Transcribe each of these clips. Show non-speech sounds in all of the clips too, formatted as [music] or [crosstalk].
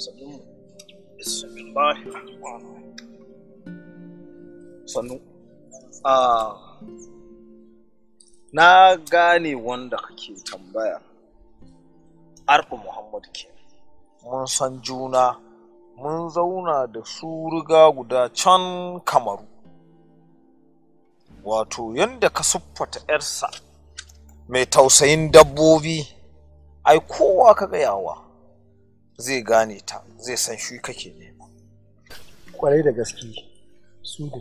sannu a ah. na gane wanda kake tambaya arfa muhammad ke mun san juna mun zauna da su riga guda can kamaru wato yadda ka siffata 'yarsa mai tausayin dabbobi ai kowa ka gayawa zai gane ta zai san shi kake nema kwarai da gaske su ne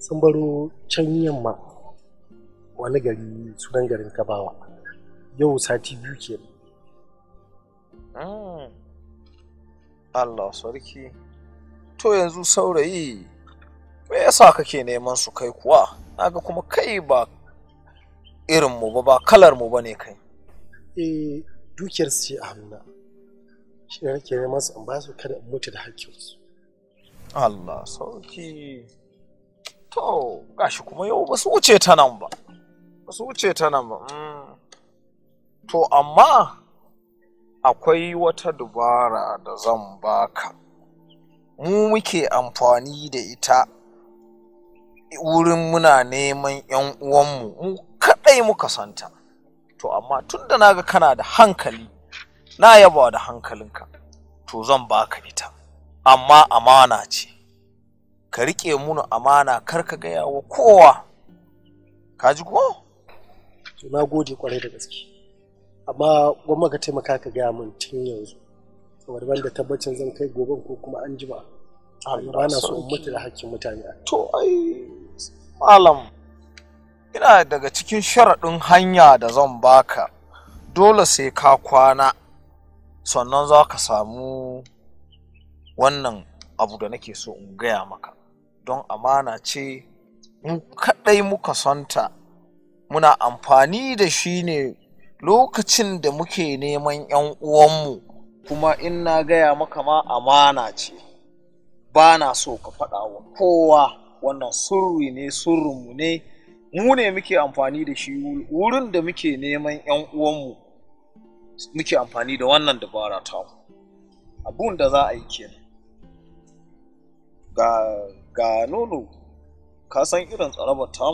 sun baro can yamma wani gari sunan garin kabawa yau sati biyu ke hmm. Allah sarki to yanzu saurayi me yasa kake neman su kai kuwa naga kuma kai ba irin mu ba ba kalarmu ba ne kai eh dukiyar ce a hannu shi ne nake neman su in ba su kada in mutu da su. Allah sauki to gashi kuma yau ba su wuce ta nan ba ba su wuce ta nan ba mm. to amma akwai wata dubara da zan baka mu muke amfani da ita wurin muna neman 'yan uwanmu mu kaɗai muka santa to amma tun da naga kana da hankali na yaba da hankalinka to zan baka ita amma amana ce ka riƙe munu amana kar ka gaya wa kowa ka ji ko to na gode kwarai da gaske amma gwamma ka taimaka ka gaya min tun yanzu saboda ban da tabbacin zan kai goben ko kuma an ji ba ba na so in mutu da hakkin mutane to ai malam ina daga cikin sharaɗin hanya da zan baka dole sai ka kwana sannan za ka samu wannan abu da nake so in gaya maka don amana ce mu kaɗai muka santa muna amfani da shi ne lokacin da muke neman 'yan uwanmu kuma in na gaya maka ma amana ce ba na so ka faɗa wa kowa wannan surri ne surrinmu ne mu ne muke amfani da shi wurin da muke neman 'yan uwanmu muke amfani da wannan dabara ta abun da za a yi ke. ga ga nono ka san irin tsarabar ta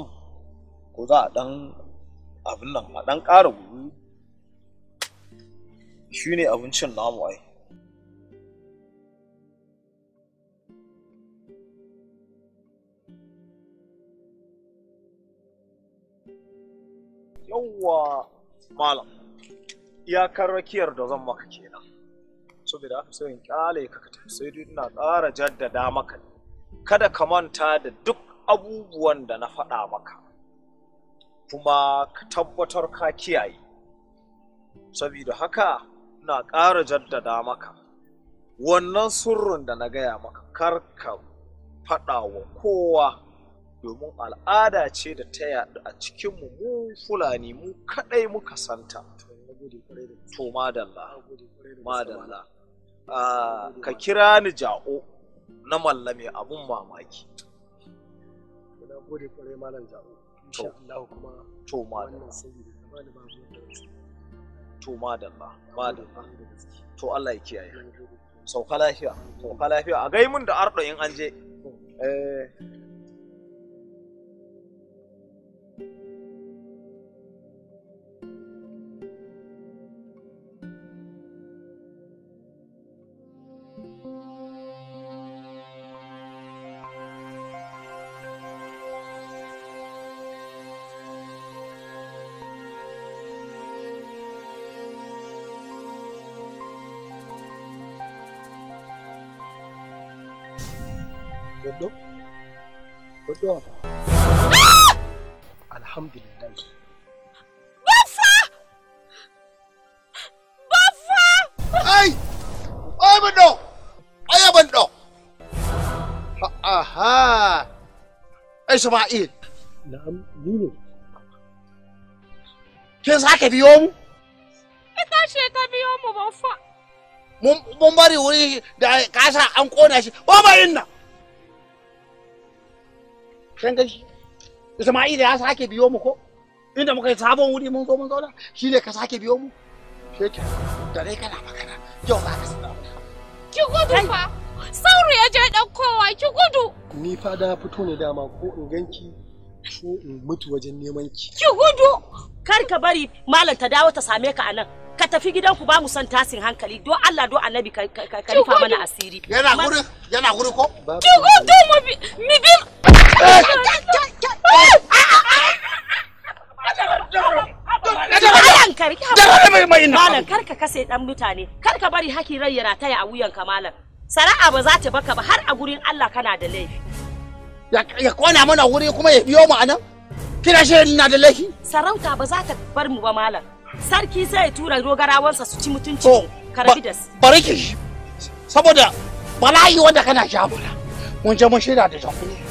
ko za a dan abin nan a dan ƙara gudu shi ne abincin namu ai yawwa malam iyakar rakiyar da zan maka kenan saboda haka sai in kyale ka tafi sai dai ina ƙara jaddada maka kada ka manta da duk abubuwan da na faɗa maka kuma ka tabbatar ka kiyaye saboda haka na ƙara jaddada maka wannan surrun da na gaya maka kar ka faɗa wa kowa domin al'ada ce da ta yaɗu a cikinmu mu fulani mu kaɗai muka santa to madalla madalla ah, ka kira ni ja'o na mallame abun mamaki gode kwarai malam ja'o kuma to madalla to madalla madalla to Allah ya kiyaye sauka lafiya sauka lafiya a gaimun da ardo in an je eh Bello? Bello? Alhamdulillah. Baffa! Baffa! Ai! Ai Bello! Ai Bello! Aha! Ai Sama'il! Na'am, ni ne. biyo mu? Ita ce ta biyo mu Baffa. Mun bari wuri da kasa an kona shi, ba nan! kan gani Isma'il ya sake biyo mu ko inda muka yi sabon wuri mun zo mun zauna shi ne ka sake biyo mu sheke da dai kana magana yau ba ka sanar ki gudu fa sauru ya je kowa ki gudu ni fa da fito ne dama ko in ganki ko in mutu wajen neman ki ki gudu kar ka bari malam ta dawo ta same ka anan ka tafi gidanku ba mu son tasin hankali do Allah don annabi ka rufa mana asiri yana guri yana guri ko ki gudu mu bi Malam kar kase dan mutane kar bari hakin rai yana taya a wuyan malam sana'a ba za ta baka ba har a gurin Allah kana da laifi ya kona mana wuri kuma ya biyo mu anan kina shi na da laifi sarauta ba za ta bar mu ba malam sarki sai tura dogarawansa su ci mutunci karabi da su bari ki saboda bala'i wanda kana sha mun je mun shirya da jakunya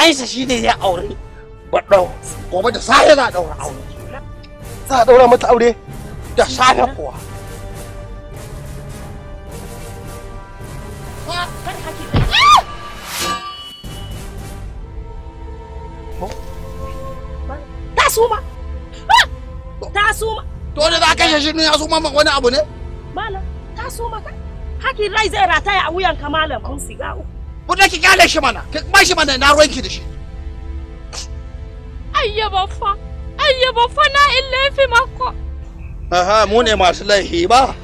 aisha shi ne ya aure baɗau gobe da safe za a ɗaura aure za a mata aure da safe kuwa ta suma ta suma za ka kashe shi ya suma wani abu ne malam ta suma ka hakin rai zai rataya a wuyan ka malam kun siga uku kuɗa ki kyale shi mana ki ba shi mana na ruwanki da shi ayya baffa ayya baffa na in laifi mako aha mu ne masu laifi ba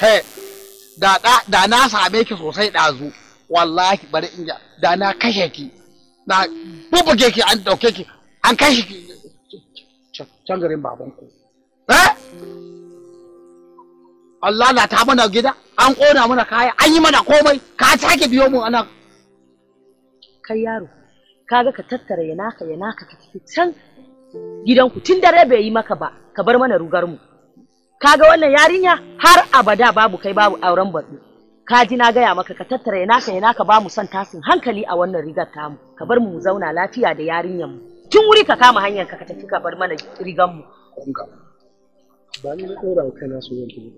Hey, da, da, da na same ki sosai ɗazu, wallahi bari in da na kashe ki, na bubuge ki an ɗauke ki an kai shi can garin babanku eh Allah na ta mana gida an ƙona mana kaya an yi mana komai ka take biyo mu ana kai yaro kaga ka tattara ya naka ya naka ka tafi can gidanku tun dare bai yi maka ba ka bar mana rugar mu kaga wannan yarinya har abada babu kai babu auren baɗi ka ji na gaya maka ka tattara ya naka ya naka ba mu son tasin hankali a wannan rigar tamu ka bar mu mu zauna lafiya da yarinyar mu tun wuri ka kama hanyar ka tafi ka bar mana rigan mu ba ni na ɗora kai na so yanki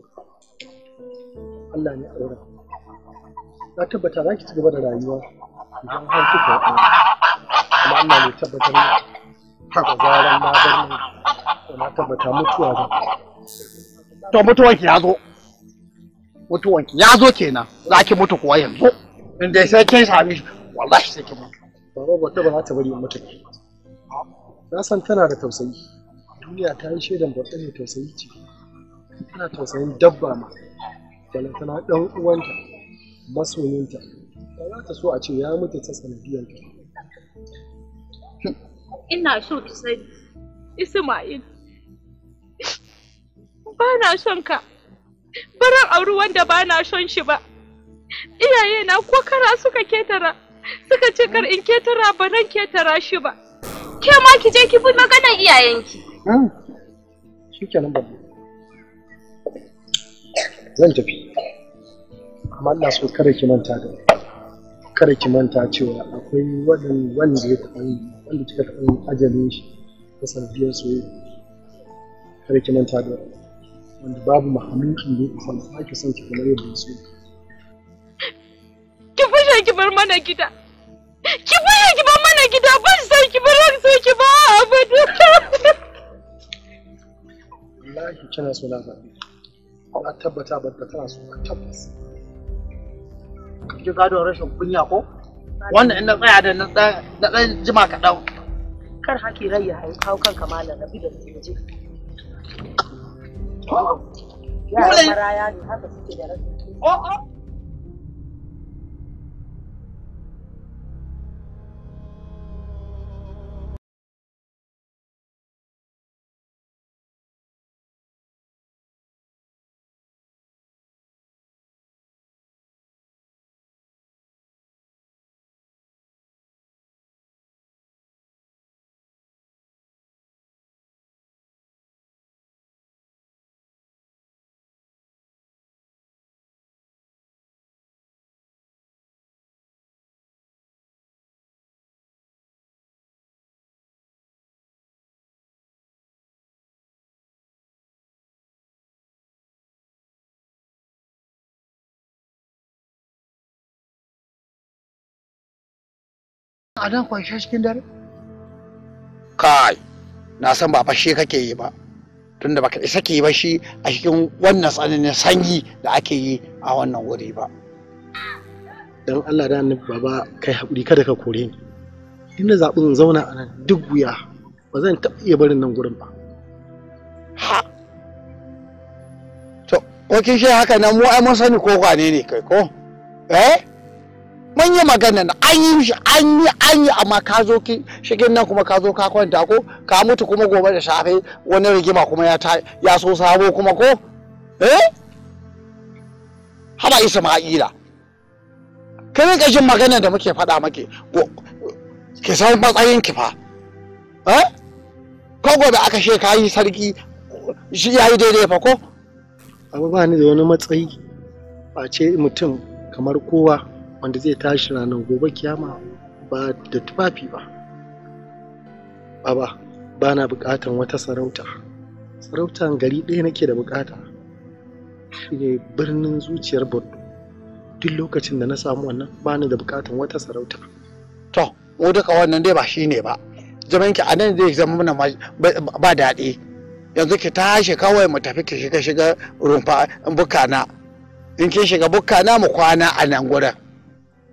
Allah ne ɗora na tabbata za ki ci gaba da rayuwa idan har kika yi amma Allah ne tabbatar ne haka zaran na bar mu na tabbata mutuwa ba to ki ya zo ki ya zo kenan za ki mutu kuwa yanzu in dai sai kin sami shi wallahi sai ki mutu ba ba ta ba za ta bari mutu na san tana da tausayi duniya ta yi shaidan babban mai tausayi ce tana tausayin dabba ma tana ɗan uwanta masoyinta ba za ta so a ce ya mutu ta ta ina so ki sani isma'il ba na son ka baran auri wanda ba na son shi ba iyaye na ko kara suka ketara suka ce kar in ketara ba nan ketara shi ba Ke ma ki je ki bi maganar iyayenki. Hmm. Shi kenan babu. Zan tafi. Amma Allah so kare ki manta da kare ki manta cewa akwai waɗanda wanda ya taɓa wanda kika taɓa ajalin shi ta sanadiyar soyayya. Kare ki manta da wanda babu mahalukin da ya isa na ki son ki kamar yadda so. Ki fushe ki bar mana gida. Ki fushe ki bar mana gida ba so ki ba abadu wallahi kina so na faɗi a tabbata ba ta tana so a tabbas ki gado rashin kunya ko wannan in na tsaya da na dan jima ka dau kar haki rai ya hau kawo kanka malam rabi da su je Yaran maraya ne haka suke da rashin kunya. a nan kwanciya cikin dare? Kai, na san ba fashe kake yi ba. Tunda baka isa ke ba shi a cikin wannan tsananin sanyi da ake yi a wannan wuri ba. Don Allah da ni baba kai haƙuri kada ka kore ni. Ina zaɓin zauna a nan duk wuya ba zan taɓa iya barin nan gurin ba. Ha! To, ko kin shi haka nan mu ai mun sani ko kwane ne kai ko? Eh? mun yi magana na an yi shi an yi an yi amma ka zo ki shigin nan kuma ka zo ka kwanta ko ka mutu kuma gobe da safe wani rigima kuma ya ta ya so sabo kuma ko eh haba isma'ila ka rika jin magana da muke faɗa maki ki san matsayin ki fa eh ko gobe aka she ka yi sarki shi ya yi daidai fa ko abu ba ni da wani matsayi face mutum kamar kowa wanda zai tashi ranar gobe kiyama ba da tufafi ba baba ba na bukatan wata sarauta sarautan gari ɗaya nake da bukata shine birnin zuciyar borno duk lokacin da na samu wannan ba ni da bukatan wata sarauta to mu duka wannan dai ba shine ba zaman ki anan zai zama mana ba daɗi yanzu ki tashi kawai mu tafi ki shiga shiga rumfa bukana in kin shiga bukana mu kwana a nan gurin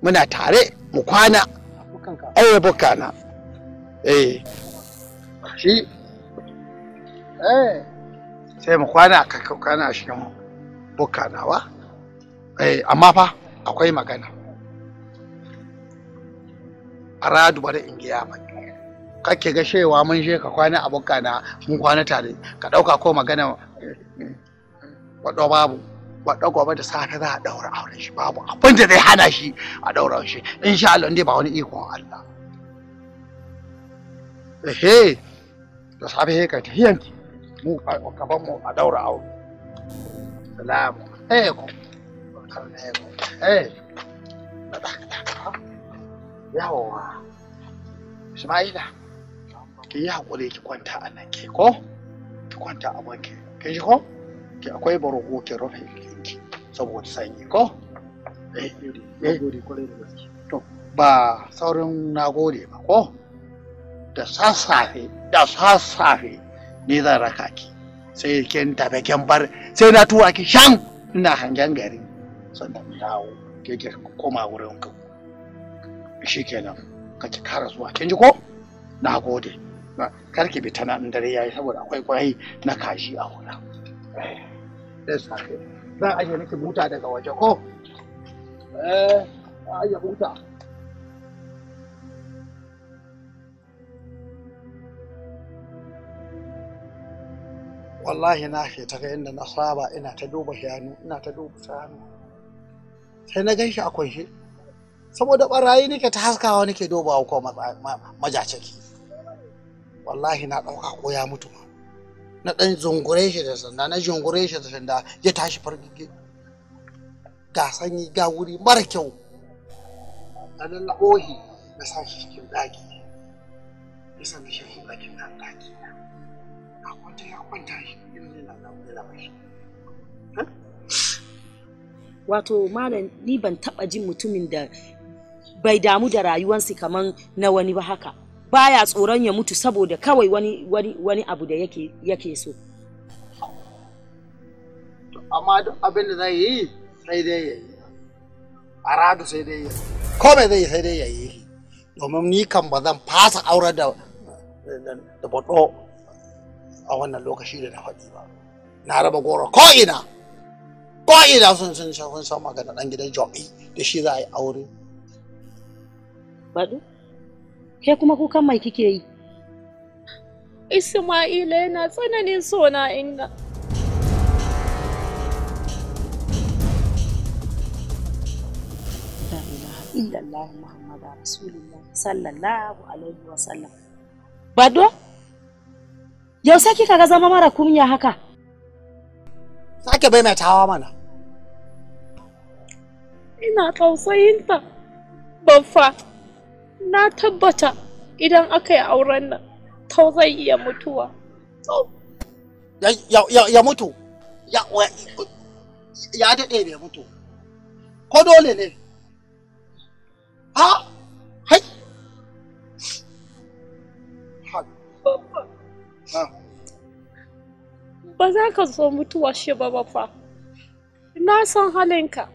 muna tare mu kwana ai bukana eh shi eh sai mu kwana ka kwana a cikin bukanawa eh amma fa akwai magana aradu bare in giya ba kake ga shewa mun je ka kwana a bukana mun kwana tare ka dauka ko magana eh, eh, wadda babu ba ɗagwa ba da safe za a ɗaura auren shi babu abin da zai hana shi a ɗaura shi insha Allah ba wani ikon Allah ehe da safe he kai tahiyanki mu a gaban mu a ɗaura aure salamu alaikum alaikum eh yawa Ismaila ki yi haƙuri ki kwanta a nan ke ko ki kwanta a banki kin shi ko ki akwai bargo ki rufe ki saboda sanyi ko eh, eh, to ba saurin nagode ba ko da sassafe da sassafe ne zan raka ki sai kin tafi kin bar sai na tuwa ki shan ina hangen gari sannan dawo ke koma wurin ku shikenan ka ki kara zuwa kin ji ko gode kar ki bi ta nan dare yayi saboda akwai kwai na kashi a wurin eh, za a ajiye miki buta daga waje ko eh a ajiye buta wallahi na fita ta inda na saba ina ta duba shanu ina ta duba shanu sai na ganshi a kunshi saboda barayi nake ta haskawa nake dubawa ko majacaki wallahi na ɗauka ko ya mutu ma na ɗan zungure shi da sanda na zungure shi da sanda ya tashi fargige ga sanyi ga wuri mara kyau na lallaɓo shi na sa shi cikin daki ya sa shi cikin ɗakin na daki a kwanta ya kwanta shi yanzu yana nan da mashi wato malam ni ban taba jin mutumin da bai damu da rayuwarsa kaman na wani ba haka baya tsoron ya mutu saboda kawai wani, wani, wani abu da yake, yake so amma duk abin da zai yi sai dai ya yi aradu sai dai ya yi ko mai zai sai dai ya yi domin ni kan ba zan fasa aure da da a wannan lokaci da na faɗi ba na raba goro ko ina ko ina sun sun sun san magana dan gidan jobi da shi za a yi aure Ke kuma kukan mai kike yi? Isma'ila yana tsananin sona inga Bado? Yau sai kika ga zama mara kunya haka? Sake bai mai tawa mana. Ina tausayinta, bafa. na tabbata idan aka yi auren nan to zai iya mutuwa ya mutu ya daɗe ya mutu ko dole ne ha hai ba za ka zo mutuwa shi ba ba fa na san halinka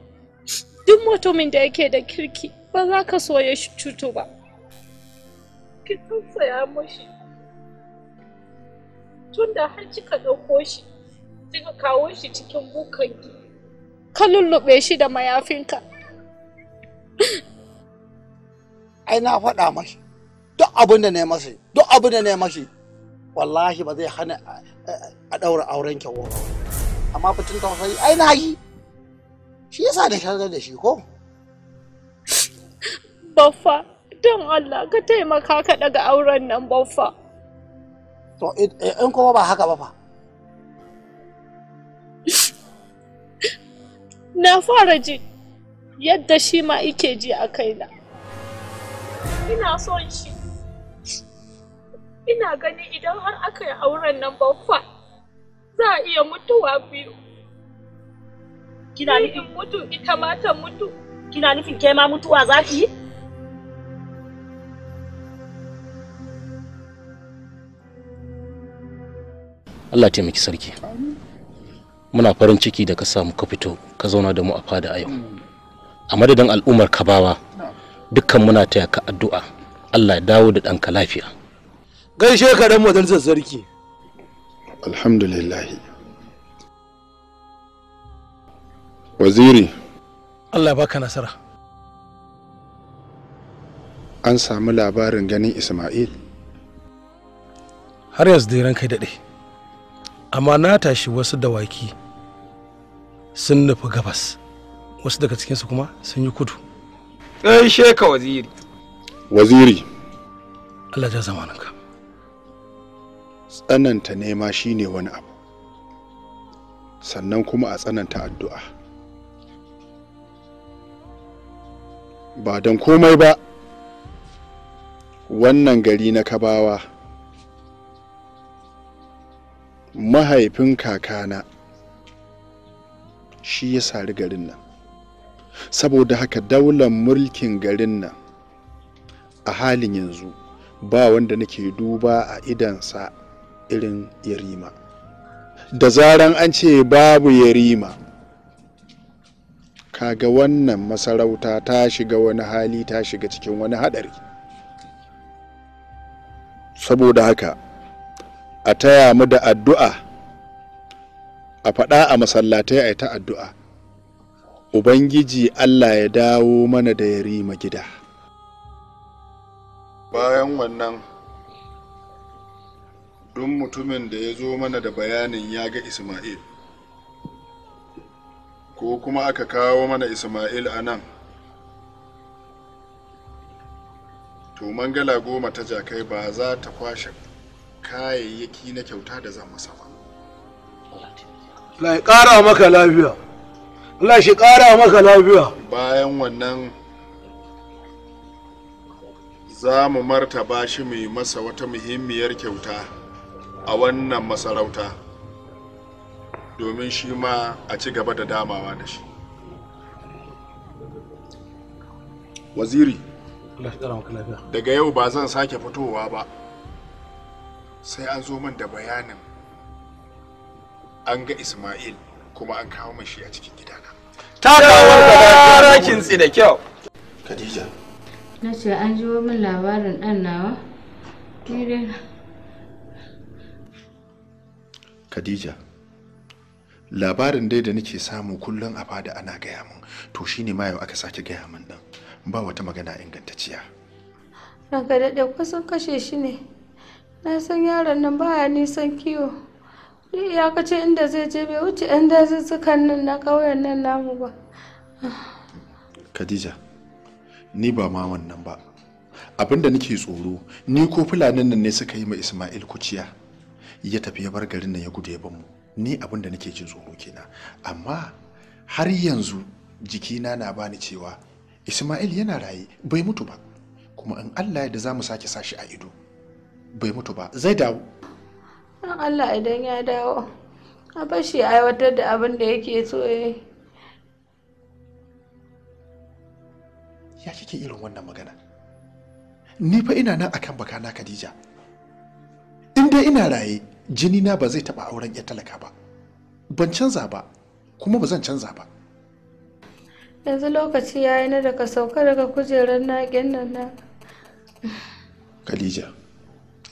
duk mutumin da yake da kirki ba za ka so ya cutu ba ki ya mashi tunda har kika ɗauko shi kika kawo shi cikin bukanki ka lullube shi da mayafinka [laughs] ai na faɗa mashi duk abin da ne yi mashi duk abin da ne yi mashi wallahi ba zai hana a ɗaura auren kyawo amma fitin tausayi ai na yi shi yasa da da shi ko Buffer. don Allah ka taimaka ka daga auren nan baffa. To in kuma ba haka ba fa. Na fara ji yadda shi ma ike ji a kaina. Ina son shi. Ina gani idan har aka yi auren nan baffa za a iya mutuwa biyu. Kina nufin mutu ita matan mutu. Kina nufin ke ma mutuwa za ki yi? Allah taimaki sarki muna farin ciki da ka samu ka fito ka zauna da mu a fada a yau a madadin al'ummar kabawa dukkan muna taya ka addu'a Allah ya dawo da ɗanka lafiya gaishe ka dan majalisar sarki alhamdulillah waziri Allah ya baka nasara an samu labarin ganin Ismail har yanzu dai ranka daɗe amma na tashi wasu dawaki sun nufi gabas wasu daga cikinsu kuma sun yi kudu ƙanshe ka waziri waziri Allah ja zamaninka tsananta nema shine wani abu sannan kuma a tsananta addu'a ba don komai ba wannan gari na kabawa mahaifin kakana shi ya sari garin nan saboda haka daular mulkin garin nan a halin yanzu ba wanda nake duba a idansa irin yarima da zaran an ce babu yarima kaga wannan masarauta ta shiga wani hali ta shiga cikin wani haɗari saboda haka a taya mu da addu'a a faɗa a masallatai a yi ta addu'a ubangiji allah ya dawo mana da ya rima gida bayan wannan duk mutumin da ya zo mana da bayanin ya ga isma'il ko kuma aka kawo mana isma'il a nan to mangala goma ta jakai ba za ta kwashe kayayyaki na kyauta da zan masa ba Allah ya ƙara maka lafiya Allah shi ƙara maka lafiya bayan wannan za mu martaba shi mu yi masa wata muhimmiyar kyauta a wannan masarauta domin shi ma a ci gaba da damawa da shi waziri daga yau ba zan sake fitowa ba sai an zo man da bayanin an ga Ismail kuma an kawo mashi a cikin gidana. Ta Takawar da rakin da kyau. Khadija. Na ce an ji min labarin ɗan nawa? Khadija. Labarin dai da nake samu kullum a fada ana gaya min to shine ma yau aka sake gaya min nan, ba wata magana ingantacciya. Ranka daɗe kusan kashe shi ne. na san yaron nan baya nisan kiwo ya kace inda zai je bai wuce yan dazuzzukan nan na ƙauyen nan namu ba khadija ni ba ma wannan ba abin da nake tsoro ni ko fulanin nan ne suka yi ma ismail kuciya ya tafi ya bar garin nan ya gudu ya mu ni abin da nake jin tsoro kenan amma har yanzu jikina na bani cewa ismail yana raye bai mutu ba kuma in allah ya da zamu mu sake sashi a ido bai mutu ba zai dawo don allah idan ya dawo a bashi aiwatar da abin da yake so ya eh. ya kike irin wannan magana ni fa ina nan akan bakana khadija in dai ina raye jini na ba zai taba auren ya talaka ba ban canza ba kuma ba zan canza ba yanzu lokaci ya yi na daga sauka daga kujerar na nan na khadija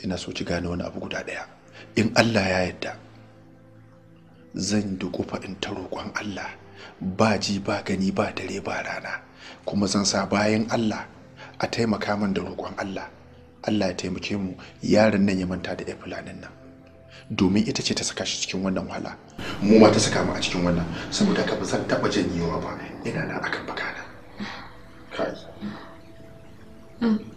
ina so ci gane wani abu guda ɗaya in allah ya yadda zan dukufa in ta roƙon allah ba ji ba gani ba dare ba rana kuma zan sa bayan allah a taimaka min da roƙon allah allah ya taimake mu yaron nan ya manta da fulanin nan domin ita ce ta saka shi cikin wannan wahala mu ma ta saka mu a cikin wannan saboda ka ba zan taba janyewa ba ina nan akan bakana kai mm.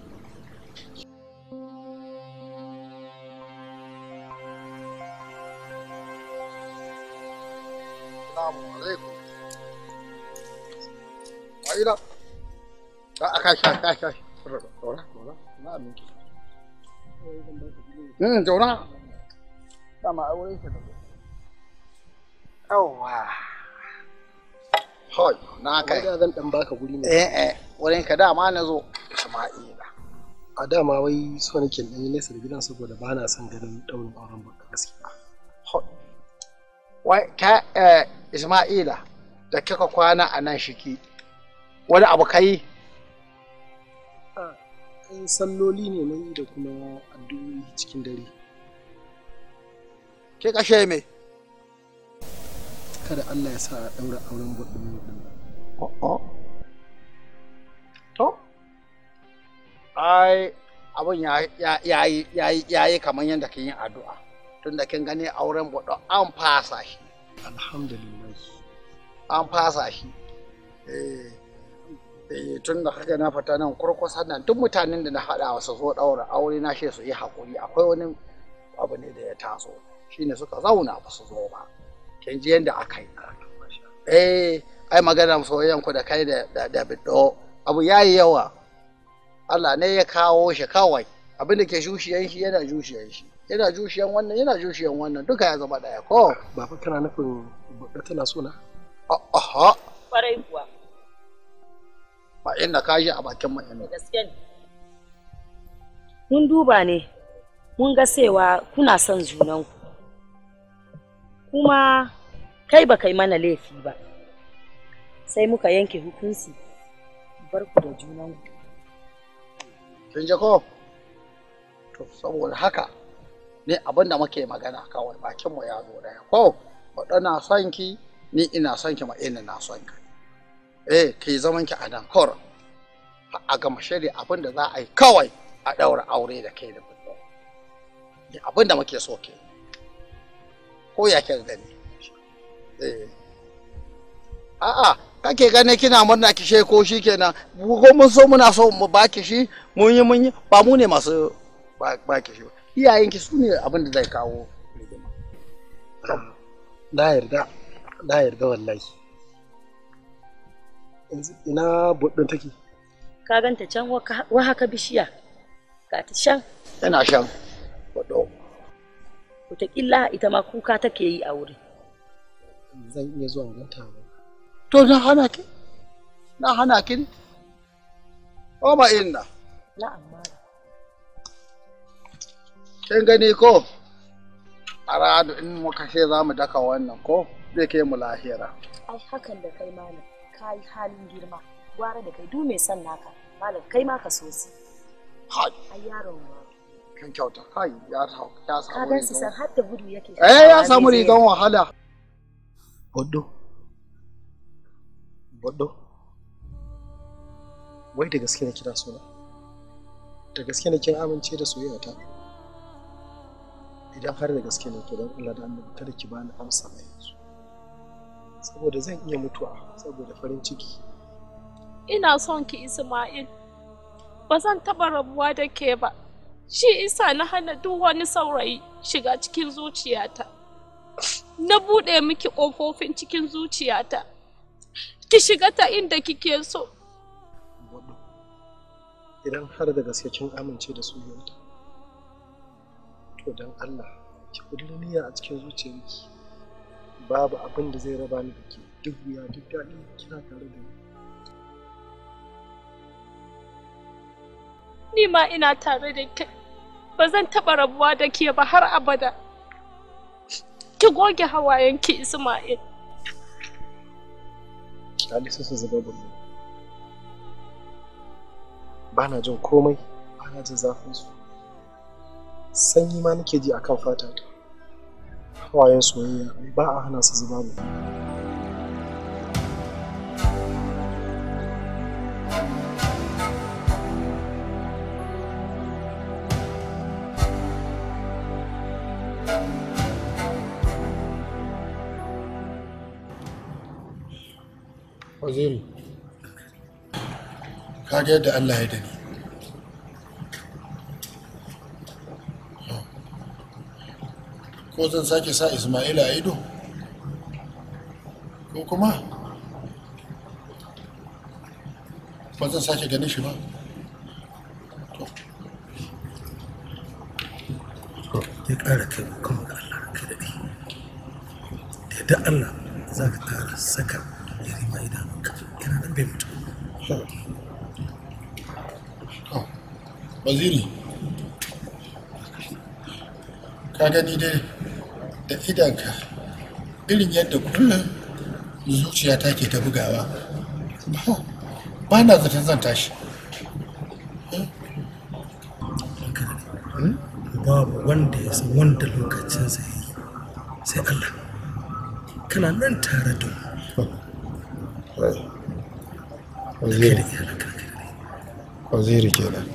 Assalamu alaikum. A A Na da. Yawwa. Hoi, na kai. Wanda zan dan baka guri ne. Eh eh, wurin ka dama na zo. Isma'ila. A dama wai so nake dan yi nesa da gidan saboda ba na son ganin daurin auren baka gaskiya. wai ka Isma'ila da kika kwana a nan shiki wani abu kai in salloli ne na yi da kuma addu'o'i cikin dare ke kashe me kada Allah ya sa a daura auren gudun gudun oh, oh. to ai abun ya ya ya yi kamar yadda kin yi addu'a tunda kin gani auren gudun an fasa shi alhamdulillah an fasa shi eh, eh, tun da haka na fata nan kurkusa nan duk mutanen da na hada wasu zo ɗaura aure na she su yi hakuri akwai wani abu ne da ya taso shine suka zauna ba su zo ba kin ji yanda aka yi eh ai magana soyayyan ku da kai da da biddo abu yayi yawa Allah ne ya kawo shi kawai abin da ke shushiyan shi yana shushiyan shi yana jushiyan wannan yana jushiyan wannan duka ya zama daya ko ba fa kana nufin babba tana so na aha kwarai kuwa ba inda ka yi a bakin mai ne gaskiya ne mun duba ne mun ga cewa kuna son junan ku kuma kai ba kai mana laifi ba sai muka yanke hukunci bar ku da junan ku kin je ko to saboda haka ne abinda muke magana kawai bakin mu ya zo daya ko wadda na son ki ni ina son ki ma ina na son ka eh ki zaman ki a nan kor a gama shiri abinda za a yi kawai a daura aure da kai da fito ne abinda muke so ke ko ya ke ni eh a'a kake gane kina murna ki she ko shikenan ko mun so muna so mu baki shi mun yi mun yi ba mu ne masu baki shi ba iyayenki su ne abin da zai kawo rigima na yarda na yarda wallahi yanzu ina buɗin take ka ganta can wa haka bishiya ga ta shan yana shan waɗo wataƙila ita ma kuka take yi a wuri. zan iya zuwa ganta ba to na hana ki na hana ki ne ba ma na amma kin gani ko aradu in muka ce za mu daka wannan ko zai kai mu lahira ai hakan da kai malam ka yi halin girma gwara da kai du mai son naka malam kai ma ka so su ai yaron kan kyauta kai ya ta ya samu ka gansu san har da gudu yake eh ya samu rigan wahala boddo boddo wai da gaske na kira suna da gaske na kin amince da soyayya ta idan har da gaske ne to don Allah da annabi kada ki bani amsa mai yanzu saboda zan iya mutuwa saboda farin ciki ina son ki Isma'il ba zan taɓa rabuwa da ke ba shi isa na hana duk wani saurayi shiga cikin zuciyata na buɗe miki ƙofofin cikin zuciyata ki shiga ta inda kike so idan har da gaske kin amince da soyayya to don Allah ki kullum niyya a cikin zuciyarki babu abin da zai raba ni da ke duk wuya duk daɗi kina tare da ni ni ma ina tare da kai ba zan taɓa rabuwa da ke ba har abada ki goge hawayenki Isma'il Salisu su zuba bulle ba na jin komai ba na jin zafin su sanyi ma nake ji akan fata ta hawayen soyayya ba a hana su zuba mu Waziri, ka ga yadda Allah ya dani. ko zan sake sa ismaila a ido ko kuma ba zan sake ganin shi ba ya ƙara kai kuma ga Allah ka daɗe da yadda Allah za ka ƙara saka ya rima idanunka yana nan bai mutu waziri ka gani dai da idanka irin yadda kullum zuciyata ke ta bugawa ba na zaton zan tashi babu wanda ya san wanda lokacin ya yi sai allah kana nan tare da mu waziri waziri kenan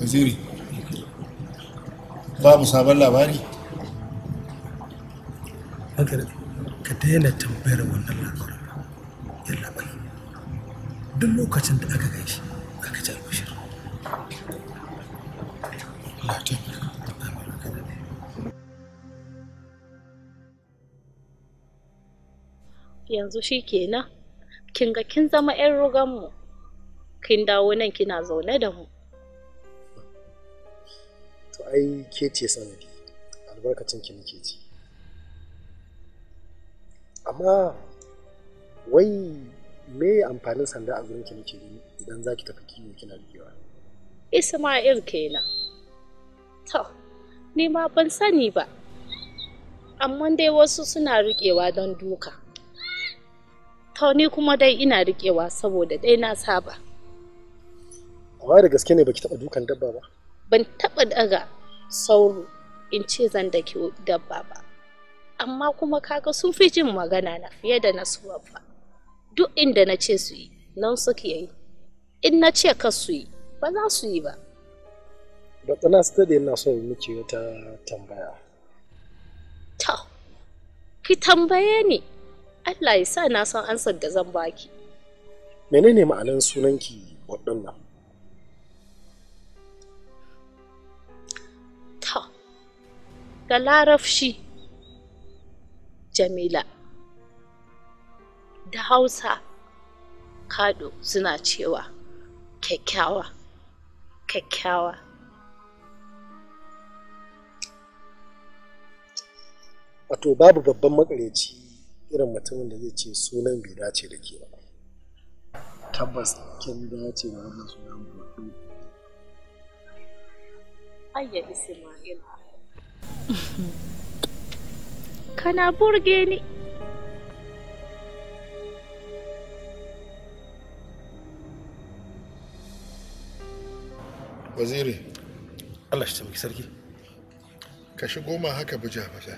waziri babu sabon labari ka daina tambayar wannan labarin yan labarin duk lokacin da aka gaishe aka ci albashir yanzu shi kenan kin ga kin zama 'yan ruganmu kin dawo nan kina zaune da mu ai ke ce sanadi albarkacin ki nake ji amma wai me amfanin sanda a gurin ki nake gani idan za ki tafi kiwo kina rikewa Isma'il kenan to ni ma ban sani ba amma dai wasu suna riƙewa don duka to ni kuma dai ina riƙewa saboda dai na saba amma da gaske ne baki taɓa dukan dabba ba ban taɓa daga sauro in ce zan da ke dabba ba amma kuma kaga sun fi jin magana na fiye da na su babba duk inda na ce su yi nan suke yi in na ce ka su yi ba za su yi ba da tsana study na so yi miki wata tambaya to ki tambaye ni Allah ya sa na san ansar da zan baki menene ma'anar sunanki waɗannan da larafshi jamila da hausa kado suna cewa kyakkyawa kyakkyawa wato babu babban makareci irin mutumin da zai ce sunan bai dace da ke ba tabbas kin dace da wannan sunan bai ayya ismaila isma'il kana burge ni waziri Allah shi taimaki sarki ka shigo ma haka buja buja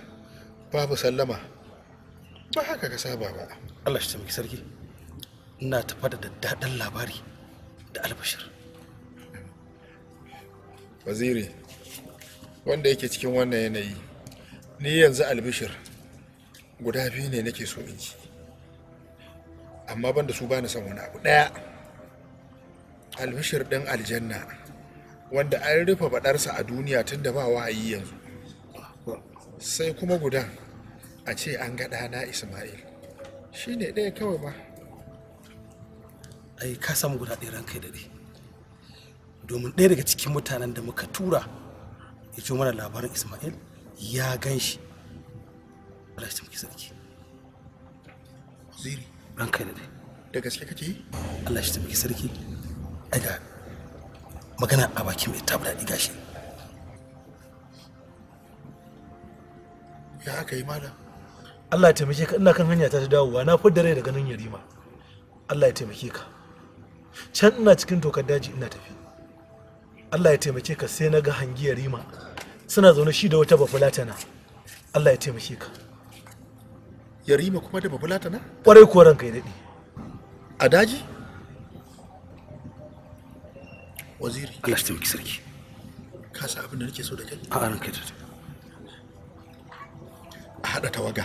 babu sallama ba haka ka saba ba Allah shi taimaki sarki ina tafa da daddaɗan labari da albashir waziri wanda yake cikin wannan yanayi ni yanzu albishir guda biyu ne nake so in ci amma ban da su bani son wani abu ɗaya albishir ɗin aljanna wanda an rufe baɗarsa a duniya tun da ba wa'ayi yanzu sai kuma gudan a ce an ga ɗana ismail shi ne ɗaya kawai ba ai ka samu guda ɗaya da daɗe domin ɗaya daga cikin mutanen da muka tura ya ce mana labarin ismail ya gan shi Allah ya taimaki sarki ziri ran kai da dai da gaske kake yi Allah ya taimaki sarki daga magana a bakin mai tabu diga shi ya haka yi mala Allah ya taimake ka ina kan hanya ta dawowa na fudda rai daga nan yarima Allah ya taimake ka can ina cikin tokar daji ina tafi Allah ya taimake ka sai na ga hangiyar rima suna zaune shi da wata babulatana. Allah ya taimake ka ya rima kuma da babulatana? kwarai kuwa ranka ya daɗe a daji waziri Allah shi taimake sarki ka sa abin da nake so da kai a ranka da a haɗa tawaga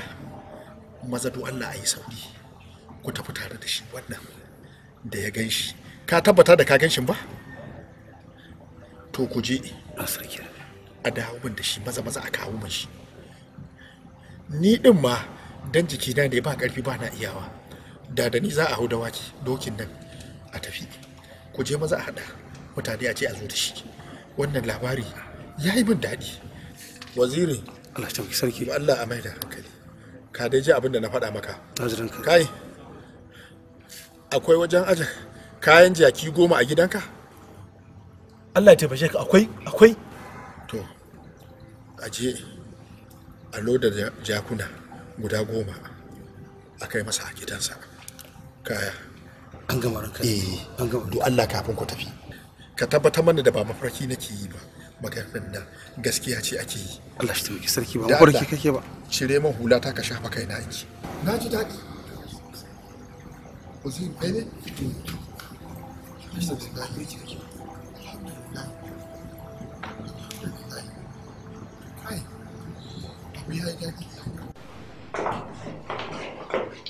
maza to Allah a yi sauri ku tafi tare da shi wannan da ya gan shi ka tabbata da ka gan shi ba to ku je ah, a dawo da shi maza maza a kawo man shi ni din ma dan jikina ne ba karfi ba na iyawa da da ni za a hau waki, dokin nan a tafi ku je maza a hada mutane a ce a zo da shi wannan labari ya yi min daɗi waziri Allah ta sarki Allah a mai da hankali ka dai ji abin da na faɗa maka kai akwai wajen aje kayan jaki goma a gidanka Allah ya taimake ka akwai akwai to aje a loda jakuna guda goma a kai masa a gidansa kaya an gama ranka eh an gama to Allah kafin ku tafi ka tabbatar mana da ba mafarki nake yi ba maganar da gaskiya ce ake yi Allah shi taimake sarki ba mafarki kake ba cire min hula ta ka shafa kai na aiki na ji daɗi ku zai Khadija.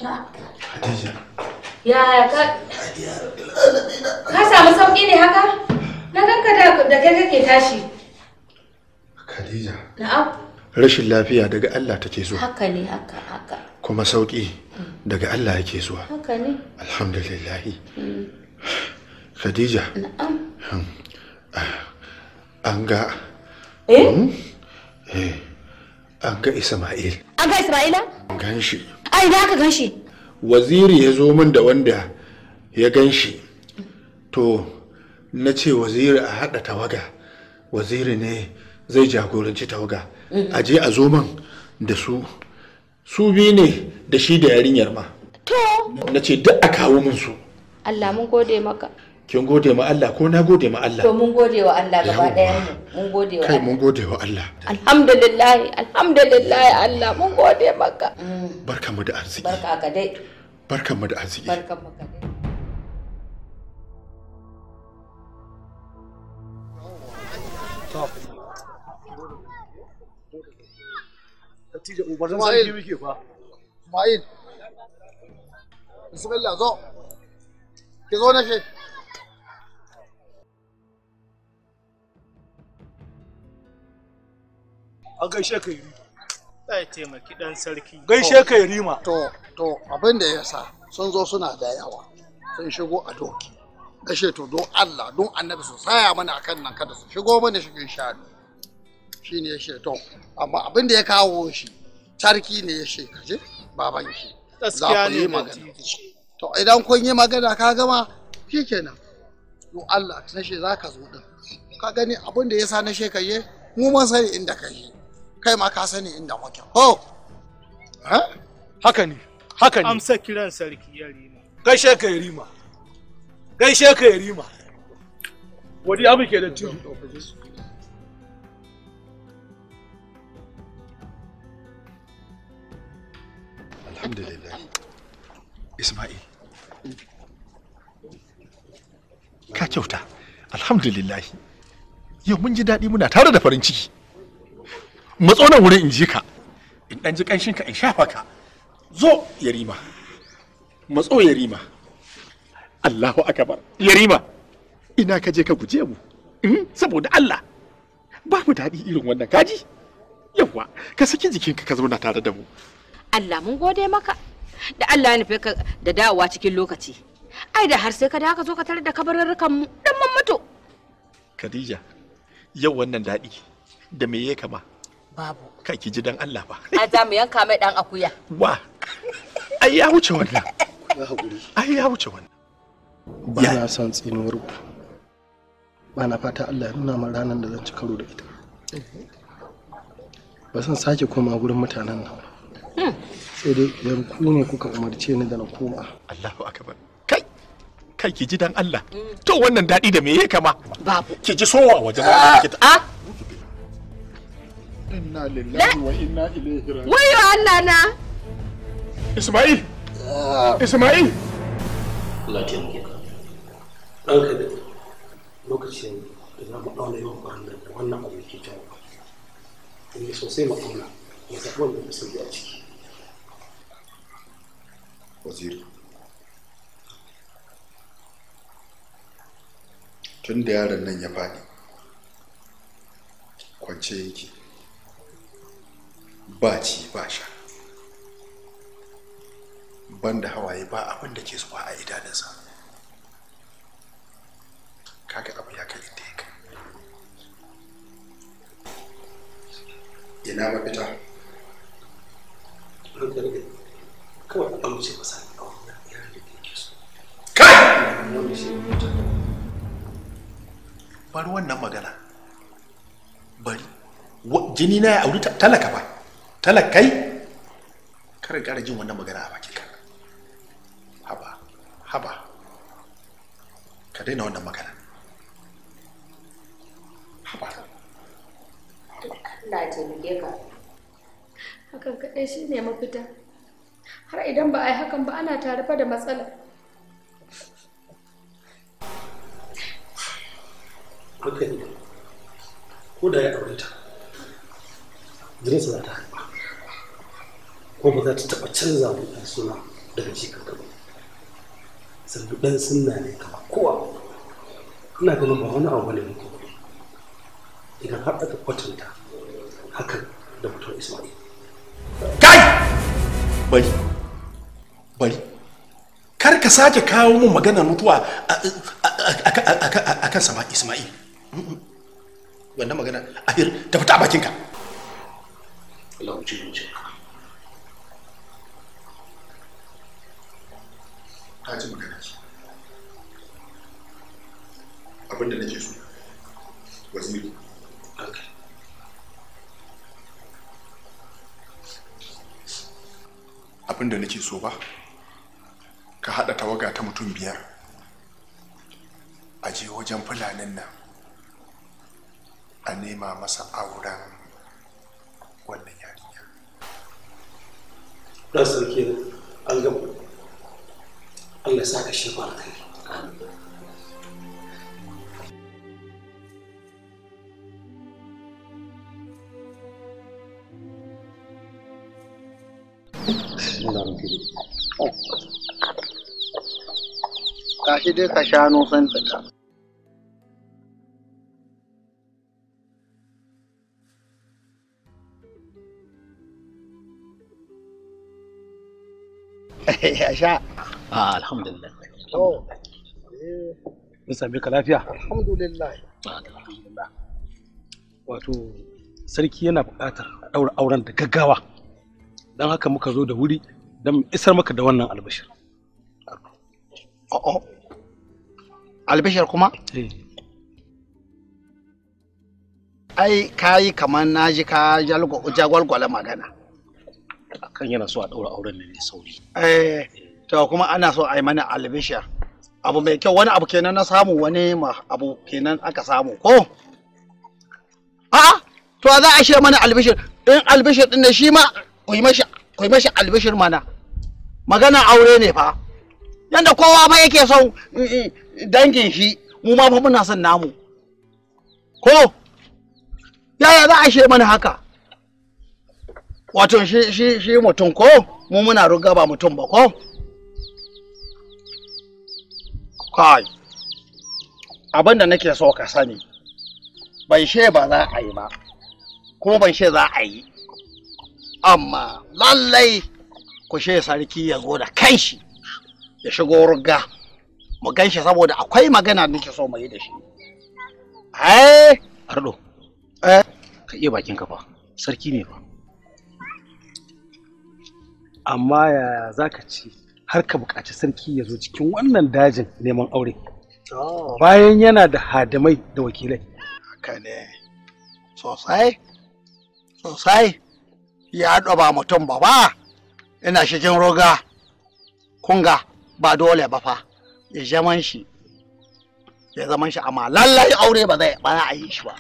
ya Ya, Ka samu sauƙi ne haka? Na ganka da kai kake tashi. Khadija. Rashin lafiya daga Allah take zuwa. Kuma sauƙi mm. daga Allah yake zuwa. Haka ne. Alhamdulillah. Mm. Khadija. Eh? Hmm? Eh. An ga Isma'il. An ga Isma'ila? Gan shi. A ina aka gan shi? Waziri ya zo min da wanda ya gan shi. To, na ce waziri a haɗa tawaga. Waziri ne zai jagoranci tawaga. Mm-hmm. A je a zo min da su. Su biyu ne da shi da yarinyar ma. To. Na ce duk a kawo min su. Allah mun gode maka. kin gode ma Allah ko na gode ma Allah to mun gode wa Allah gaba daya mun gode wa kai mun gode wa Allah alhamdulillah alhamdulillah Allah mun gode maka mm. mu da arziki barka ka dai mu da arziki mu ka dai Ma'il, yi Ma'il. Bismillah zo. Ki zo na shi. a gaishe ka yi ya taimaki dan sarki gaishe ka yi rima to to abin da ya sa sun zo suna da yawa sun shigo a doki gashe to don Allah don annabi su saya mana kan nan kada su shigo mana shigin shanu shi shine ya to amma abin da ya kawo shi sarki ne ya ce kaje baban shi za ku yi magana to idan kun yi magana ka gama shikenan don Allah na shi za ka zo din ka gani abin da ya sa na shekaye mu mun sani inda ka yi kai ma ka sani inda muke ko haka ne haka ne amsa kiran sarki yarima gaishe ka yarima gaishe ka rima. wadi abu ke da tudu alhamdulillah isma'il ka kyauta alhamdulillah yau mun ji daɗi muna tare da farin ciki matso nan wurin in ji ka in ɗan ji ƙanshin ka in shafa ka zo yarima matso yarima Allahu akbar yarima ina ka je ka guje mu hmm? saboda Allah ba mu daɗi irin wannan kaji yawwa ka saki jikinka ka zauna tare da mu Allah mun gode maka da Allah ya nufe ka da dawowa cikin lokaci ai da har sai ka da ka zo ka tarar da kabarurrukan mu dan mun mutu Khadija yau wannan daɗi da me ya kama babu kai ki ji dan Allah ba a za mu yanka mai dan akuya wa ai ya wuce wannan ai ya wuce wannan ba na son tsinuwar ku ba na fata Allah ya nuna min ranar da zan ci karo da ita ba san sake koma gurin mutanen nan hmm. sai dai yan ku ne kuka umarce ni da na koma Allahu akbar kai kai ki ji dan Allah to wannan dadi da me yake kama babu ki ji sowa wajen a Inna lillahi wa inna ilaihi raji'un. Wayo Allah na. Isma'il. Ah. Isma'il. Allah ta yanke ka. Dan lokacin da za mu dauna da wannan abu ke jawo. In sosai mu dauna mu wanda mu sai ciki. Waziri. Tun da yaron nan ya faɗi, kwance yake. ba ci ba sha banda hawaye ba abin da ke zuwa a idanunsa kaga abu ya kai inda ya ina mafita kawai amince kai bari wannan magana bari jini na ya auri talaka ba talakai kare kare jin wannan magana a bakin kan haba haba ka daina wannan magana haba Allah taimake ka hakan kaɗai shi ne mafita har idan ba a yi hakan ba ana tare fa da matsala ko da ya aure ta jirinsa za ta ko ba za ta taɓa canza mu ɗan suna daga shi kanka ba sannan ɗan sunna ne kama kowa ina ganin ba wani abu ne muku idan har aka kwatanta hakan da mutum ismail kai bari bari kar ka sake kawo mun magana mutuwa a kan sama ismail wannan magana a ta fita a bakinka Allah wuce wuce ta ji magana shi abinda ke so waziri abinda ke so ba ka haɗa tawaga ta mutum biyar a je wajen fulanin nan a nema masa auren wannan yarinya. Ɗan sarki an gama Allah ya saka shi kai Ka shi dai ka san [laughs] Ah, oh, eh, a alhamdulillah alhamdulillah sarki yana buƙatar ɗaura auren da gaggawa don haka muka zo da wuri da wannan albashir oh, oh. albashir kuma eh. ai kayi kamar na ka jagwalgwala magana akan yana so a ɗaura auren ne sauri eh. to kuma ana so a yi mana albishir abu mai kyau wani abu kenan na samu wani ma abu kenan aka samu ko a to za a shirya mana albishir in albishir din da shi ma ku yi mashi albishir mana magana aure ne fa Yadda kowa ma yake son mm, mm, dangin shi mu ma fa muna son namu ko yaya za a shirya mana haka wato shi mutum ko mu muna ruga ba mutum ba ko Kai, abin da nake so ka sani, ban she ba za a yi ba, kuma ban she za a yi. Amma lallai ku she sarki ya zo da kanshi ya shigo ruga mu ganshi saboda akwai magana nake so mu yi da shi. Ai, eh, Ardo, eh, ka iya bakin ka fa, sarki ne fa. Amma ya za ka ce, har ka buƙaci sarki ya zo cikin wannan dajin neman aure oh. bayan yana da hadamai da wakilai haka ne sosai sosai ya ba mutum ba ba ina shigin roga kunga ba dole ba fa ya zaman shi ya zaman shi amma lallai aure ba zai ba a yi shi ba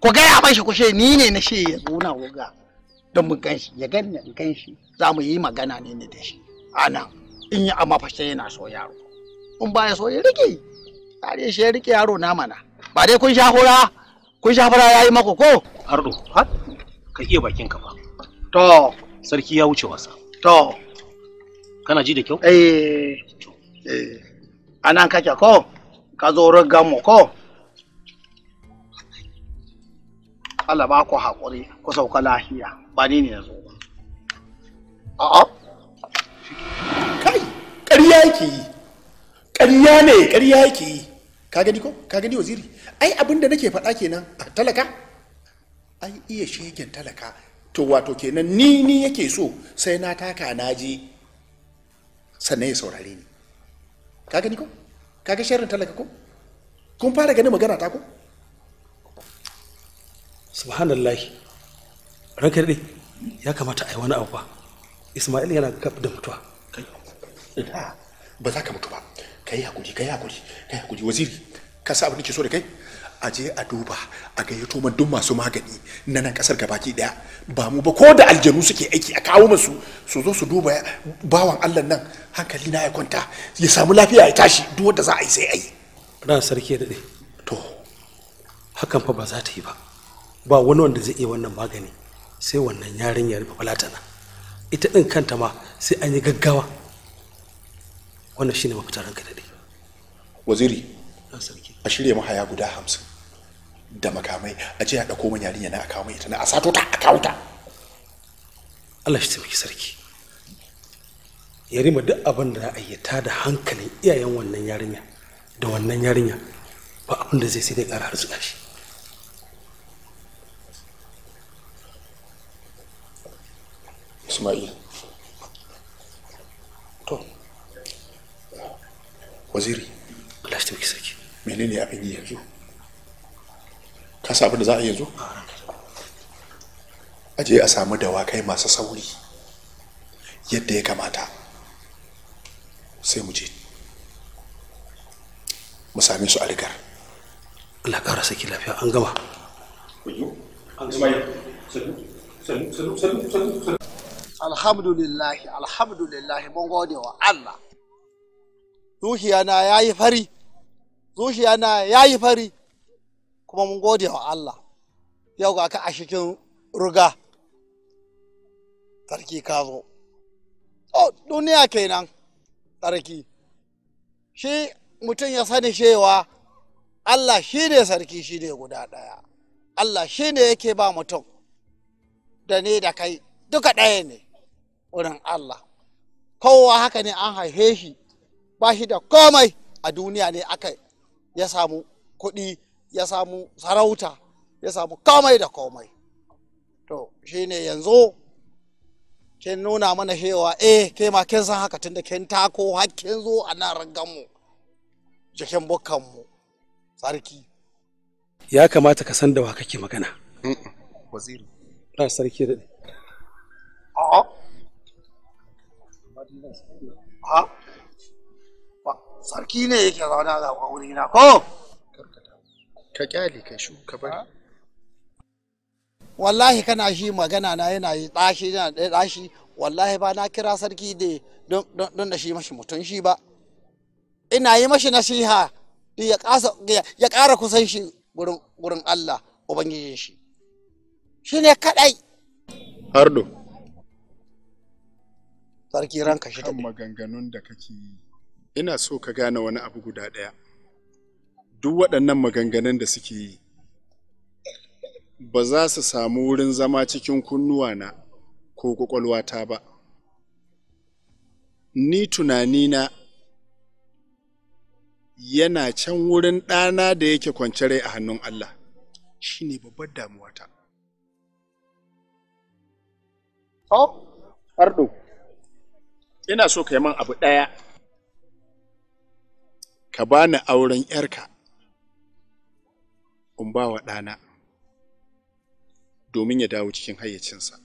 ku gaya mashi ku kushe ni ne na shi ya zuna roga don mu gan ya gan shi za mu yi magana ne da shi in yi amma fashe yana so yaro in ba ya so ya rike tare shi ya rike yaro na mana ba dai kun sha hura kun sha fara yayi mako ko ardo ha ka iya bakin ka ba to sarki ya wuce wasa to kana ji da kyau eh eh anan kake ko ka zo rugan mu ko Allah ba ku haƙuri ku sauka lahiya ba ni ne na zo ba a'a ƙarya yake yi ƙarya ne ƙarya yake yi ka gani ko ka gani waziri ai abin da nake faɗa kenan a talaka ai iya shegen talaka to wato kenan ni ni yake so sai na taka na je sannan ya saurare ni ka gani ko ka ga sharrin talaka ko kun fara ganin magana ta ko subhanallah ranka dai ya kamata a yi wani abu ba ismail yana gab da mutuwa ina ba za ka mutu ba kai hakuri kai hakuri kai hakuri waziri ka sa abin da ke so da kai a je a duba a gayyato man duk masu magani na nan kasar gabaki daya ba mu ba ko da aljanu suke aiki a kawo musu su zo su duba bawan Allah nan hankali na ya kwanta ya samu lafiya ya tashi duk wanda za a yi sai a yi ran sarki da dai to hakan fa ba za ta yi ba ba wani wanda zai iya wannan magani sai wannan yarinyar fa falatana ita din kanta ma sai an yi gaggawa wannan shine mafita ranka da dai waziri a shirya mahaya guda hamsin da makamai a ce ya ɗauko man yarinya na a kawo mai ita na a sato ta a kawo ta Allah shi taimaki sarki ya rima duk abin da a yi da hankalin iyayen wannan yarinya da wannan yarinya ba abin da zai sai dai ƙara harzuka shi Ismail waziri plastic saki menene abin yi yanzu ka abin da za a yanzu aje ah, a samu dawakai masu sauri yadda ya kamata sai mu je mu same su a rigar Allah ƙara saki lafiya an gama an gama alhamdulillah alhamdulillah mun gode wa Allah zuciya na yi fari zuciya na yi fari kuma mun gode wa Allah yau ga ka a cikin ruga sarki ka zo oh duniya kenan sarki shi mutum ya sani cewa Allah shi ne sarki shi ne guda ɗaya Allah shi ne yake ba mutum da ne da kai duka ɗaya ne wurin Allah kowa haka ne an haife shi ba shi da komai a duniya ne aka ya samu kuɗi ya samu sarauta ya samu komai da komai to shine yanzu kin nuna mana cewa eh ke ma kin san haka tunda kin tako hakkin zo a nan rangan mu jikin bukkan mu sarki ya kamata ka san da wa kake magana waziri ba sarki da a'a a. sarki ne yake zaune a zaɓa wuri na ko ka kyale ka shu ka bari wallahi kana shi magana na yana yi tsashi yana ɗaya tsashi wallahi ba na kira sarki da don da shi mashi mutum shi ba ina yi mashi nasiha ya ƙara kusan shi gurin Allah Ubangijin shi shi ne kaɗai hardo sarki ranka shi kan maganganun da kake yi ina so ka gane wani abu guda ɗaya duk waɗannan maganganun da suke yi ba za su samu wurin zama cikin kunnuwa na, ko ƙwaƙwalwata ba ni tunanina yana can wurin ɗana da yake kwance rai a hannun Allah shi ne babbar damuwata. Oh, Ardo, ina so ka yi man abu ɗaya ka bani auren ‘yarka in ba wa ɗana domin ya dawo cikin hayyacinsa.